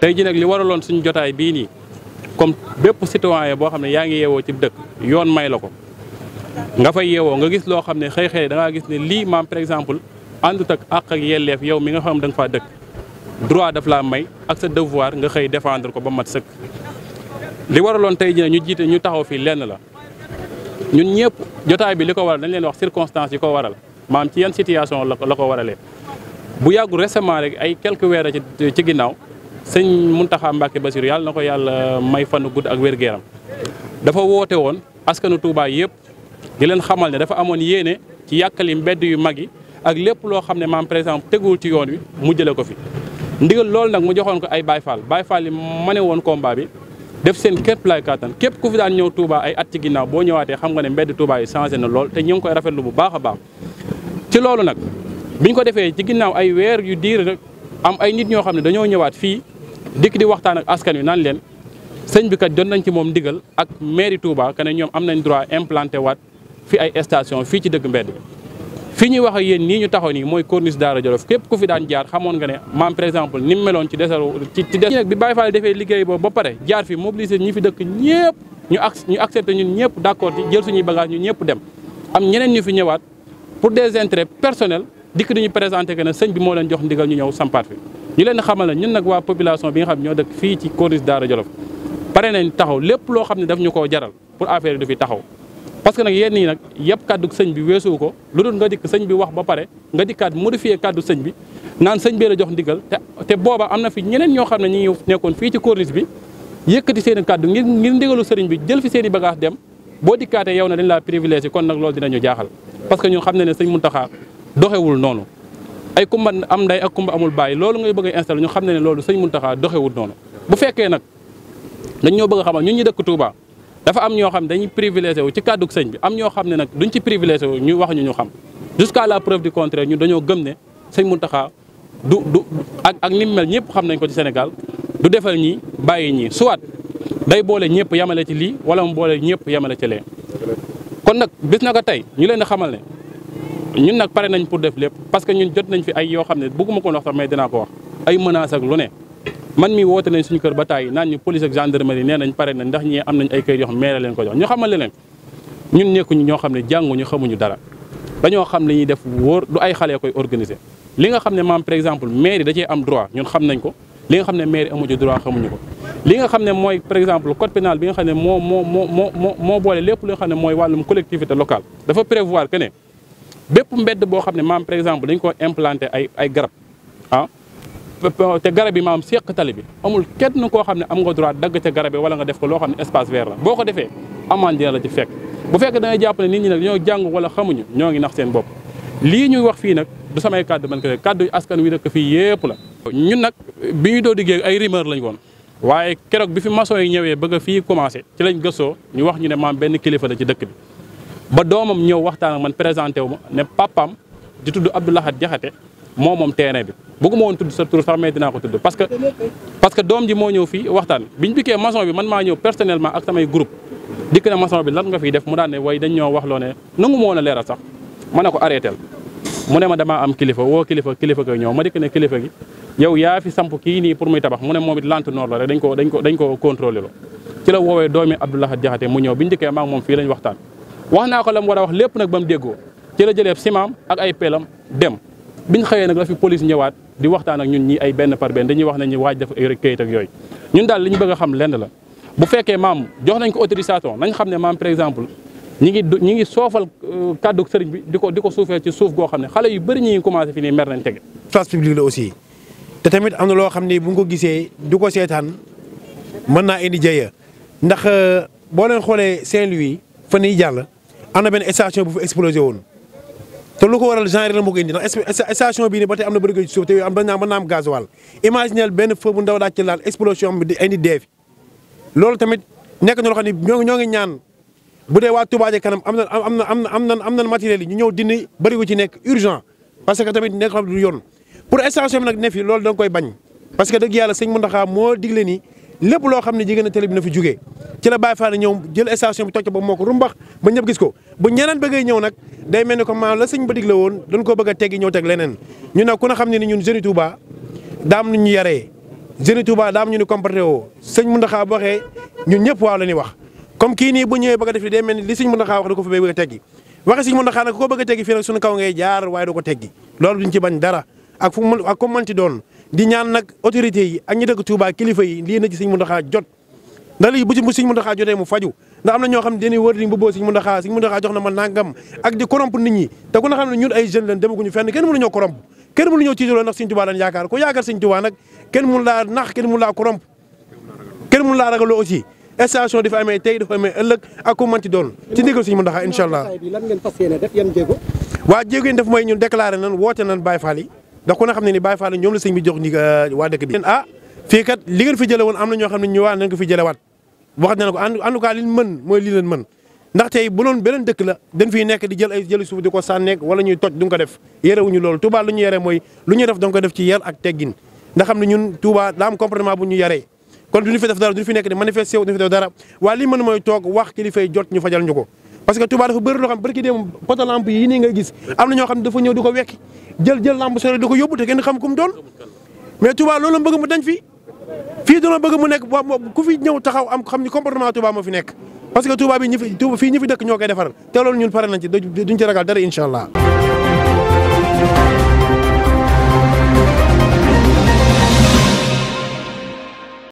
tey ji nag li waraloon suñu jotaay bii nii comme bépp citoyen boo xam ne yaa ngi yeewoo ci dëkk yoon may la ko nga fay yeewoo nga gis loo xam ne xëy xëy da gis ne lii maam par exemple àndut ak àq ak yelleef yow mi nga xam da nga faa dëkk droit daf laa may ak sa devoir nga xëy défendre ko ba mat sëkk. li waraloon tey jii ñu jiite ñu taxaw fii lenn la ñun ñëpp jotaay bi li ko waral dañ leen wax circonstances yi ko waral maam ci yan situation la ko la ko waralee bu yàggu récemment rek ay quelques weer ci ginnaaw. sëñ Muntaxa Mbàkke Basiru yàlla na ko yàlla may fanu gudd ak wér-gu-yaram dafa woote woon askanu tuubaa yëpp di leen xamal ne dafa amoon yéene ci yàkkali mbedd yu mag yi ak lépp loo xam ne maam président teguwul ci yoon wi mu jële ko fi ndigal loolu nag mu joxoon ko ay Baay Faal Baay Faal yi ne woon combat bi def seen képp lay kàttan képp ku fi daan ñëw tuubaa ay at ci ginnaaw boo ñëwaatee xam nga ne mbedd Touba yi changé na lool te ñu ngi koy rafetlu bu baax baax ci loolu nag ko defee ci ginnaaw ay weer yu diir rek am ay nit ñoo xam ne dañoo ñëwaat fii dikk di waxtaan ak askan wi naan leen sëñ bi kat jot nañ ci moom ndigal ak mairie Touba que ne ñoom am nañ droit implanté waat fi ay station fii ci dëgg mbedd fii ñuy wax ak yéen nii ñu taxaw nii mooy corniche Daara Jolof képp ku fi daan jaar xamoon nga ne maam par exemple ni meloon ci desaru ci ci des bi Baye Fall defee liggéey boobu ba pare jaar fi mobiliser ñi fi dëkk ñëpp ñu ac ñu accepté ñun ñëpp d'accord ci jël suñuy bagage ñu ñëpp dem am ñeneen ñu fi ñëwaat pour des intérêts personnels dikk di ñu présenté ne sëñ bi moo leen jox ndigal ñu ñëw sampaat fi ñu leen xamal ne ñun nag waa population bi nga xam ñoo dëkk fii ci Corniche Daara Jolof pare nañ taxaw lépp loo xam ne daf ñu koo jaral pour affaire yi fi taxaw parce que nag yenn yi nag yëpp kàddu sëñ bi weesuwu ko lu dul nga dikk sëñ bi wax ba pare nga dikkaat modifié kàddu sëñ bi naan sëñ bee la jox ndigal te te booba am na fi ñeneen ñoo xam ne ñu ngi nekkoon fii ci Corniche bi yëkkati seen kàddu ngir ngir ndigalu sëriñ bi jël fi seeni i bagage dem boo dikkaatee yow na dañ laa privilégié kon nag loolu dinañu jaaxal parce que ñun xam ne ne sëñ Muntaxa doxewul noonu ay kumba am nday ak kumba amul bàyyi loolu ngay bëgg a installé ñu xam ne ne loolu sëñ Muntaxa doxewut noonu bu fekkee nag dañ ñoo bëgg a xamal ñun ñu dëkk Touba dafa am ñoo xam ne dañuy privilégié wu ci kàddug sëñ bi am ñoo xam ne nag duñ ci privilégié wu ñu wax ñu ñu xam jusqu'à la preuve du contraire ñu dañoo gëm ne sëñ Muntaxa du du ak ak ni mu mel ñëpp xam nañ ko ci Sénégal du defal ñi bàyyi ñi soit day boole ñëpp yamale ci lii wala mu boole ñëpp yamale ci lee kon nag bis na ko tey ñu leen di xamal ñun nag pare nañ pour def lépp parce que ñun jot nañ fi ay yoo xam ne bëgguma ko wax sax mais dinaa ko wax ay menaces ak man mi woote nañ suñu kër ba tàyyi naan ñu police ak gendarmerie nee nañ pare nañ ndax ñi am nañ ay kër yoo xam maire leen ko ñu xamal ñoo xam ne jànguñu xamuñu dara dañoo xam li ñuy def wóor du ay xale koy organiser li nga xam ne maam par exemple maire da cee am droit ñun xam nañ ko li nga xam ne maire amuñu xamuñu ko li nga xam ne mooy par exemple code pénal bi nga xam ne moo moo moo moo moo boole lépp li nga xam ne mooy wàllum collectivité locale dafa prévoir que bépp mbedd boo xam ne maam par exemple dañ ko implanté ay ay garab ah te garab yi maam seq tali bi amul kenn koo xam ne am nga droit dagg ca garab yi wala nga def ko loo xam ne espace vert la boo ko defee amende dina la ci fekk bu fekkee da ngay jàpp ne nit ñi nag ñoo jàng wala xamuñu ñoo ngi nax seen bopp lii ñuy wax fii nag du samay kàdd man ko kàddu askan wi dëkk fii yépp la ñun nag bi ñu doo diggee ay rumeur lañ woon waaye keroog bi fi maçon yi ñëwee bëgg a fii commencé ci lañ gëstoo ñu wax ñu ne maam benn kilifa la ci dëkk bi ba doomam ñëw waxtaan man présenté wu ma ne papam di tudd Abdoulahat Jaxate moo moom terrain bi bëgguma woon tudd sa tur sax mais dinaa ko tudd parce que parce que doom ji moo ñëw fii waxtaan biñ dikkee maçon bi man maa ñëw personnellement ak samay groupe dikk na nga fiy def mu daan ne way dañ wax loo ne nangu moo woon a leeral sax ma ne ko arrêté mu ne ma damaa am kilifa kilifa kilifa ñëw ma dikk ne kilifa gi yow yaa fi samp kii nii pour muy tabax mu ne moom it lante noor ko dañ ko dañ ko contrôlé lo la woowee doomi Abdoulahat Jaxate mu ñëw biñ dikkee maa moom fii lañu waxtaan wax naa ko la mu war a wax lépp nag ba mu déggoo ci la jëlee simaam ak ay pelam dem bi ñu xëyee nag la fi police ñëwaat di waxtaan ak ñun ñi ay benn par benn dañuy wax nañu waaj def ay këyit ak yooyu ñun daal li ñu bëgg a xam lenn la bu fekkee maam jox nañ ko autorisation nañ xam ne maam par exemple ñi ngi ñi ngi soofal euh, kàddu sëriñ bi di ko di ko suufee ci suuf goo xam ne xale yu bari ñi ngi commencé fi nii mer nañ tege place publique la aussi te tamit am na loo xam ne bu nga ko gisee du ko seetaan mën naa indi jëya ndax euh, boo leen xoolee Saint-Louis fan yi am na benn station bu fa explosé woon te lu ko waral genre la moo ko indi ndax station bii nii ba tey am na bëri suuf te am dañ naa mën naa am gasoil imaginel benn feu loolu tamit nekk na loo xam ne ñoo ngi ñoo ngi ñaan bu dee waa Touba ca kanam am na am na am na am na yi ñu ñëw dindi bëri ci nekk urgent parce que tamit nekk xam du yoon pour station bi nag ne fi loolu da koy bañ parce que dëgg yàlla sëñ Mountakha moo digle ni lépp loo xam ne jigéen na télé bi na fi jugee ci la Baye Fall ñëw jël station bi tocc ba moo ko rumbax ba ñëpp gis ko bu ñeneen bëggee ñëw nag day mel ni ko maam la sëñ ba digle woon dañ koo bëgg a teggi ñëw teg leneen ñu nag ku ne xam ne ni ñun Jeune Touba daam nu ñu yaree Jeune Touba daam ñu ni comporté woo sëñ Mountakha bu waxee ñun ñëpp waaw la ñuy wax comme kii nii bu ñëwee bëgg a def li day mel ni li sëñ Mountakha wax da ko fa bëgg a teggi waxe sëñ Mountakha nag ku ko bëgg a teggi ko teggi loolu duñ ci bañ dara ak fu mu ak doon di ñaan nag autorité yi ak ñi dëkk Touba kilifa yi lii na ci Sëñ Muntaxa jot ndax lii bu ci bu Sëñ Muntaxa mu faju ndax na ñoo xam ne dañuy wër di mbubboo Sëñ Muntaxa na ma nangam ak ñi te ku na ñun ay jeunes lañ demaguñu fenn kenn mënu ñoo corrompre kenn mënu ñoo tiitaloo ndax Sëñ Touba dañ yaakaar ku yaakaar Sëñ Touba nag kenn mënu laa nax kenn mënu laa corrompre kenn mënu laa ragaloo aussi station dafa amee tey dafa amee ëllëg ak ku mënti doon ci ndigal Sëñ Muntaxa incha allah waa jéego yi def mooy ñun déclaré nan woote nan Baye Fall yi ndax ku ne xam ne ni Baye Fall ñoom la sëñ bi jox ñi euh, waa dëkk bi ah fii kat li ngeen fi jële woon am na ñoo xam ne ñu waa nañ ko fi jëlewaat waxat na ko en tout cas loon beneen dëkk la dañ fiy nekk di jël ay jëli suuf di ko sànneeg wala ñuy toj duñ ko def yerewuñu loolu Touba lu ñu yere mooy lu ñuy def danga def ci yer ak teggin ndax xam ne ñun Touba daa am comportement bu ñu yaree kon duñu fi def dara duñu fi nekk di manifesté wu duñu fi def dara waaye li mën mooy toog wax kilifa yi jot ñu fajal ñu ko parce que Touba dafa bëri loo xam barki démb poto lampe yi nii nga gis am na ñoo xam ne dafa ñëw di ko wekk jël jël lampe sore di ko yóbbu te kenn xam ku doon mais Touba loolu la mu dañ fi fii dina bëgg mu nekk ku fi ñëw taxaw am xam ni comportement Touba moo fi nekk parce que Touba bi ñi fi fii ñi fi dëkk ñoo koy defaral te loolu ñun pare nañ ci duñ ci ragal dara incha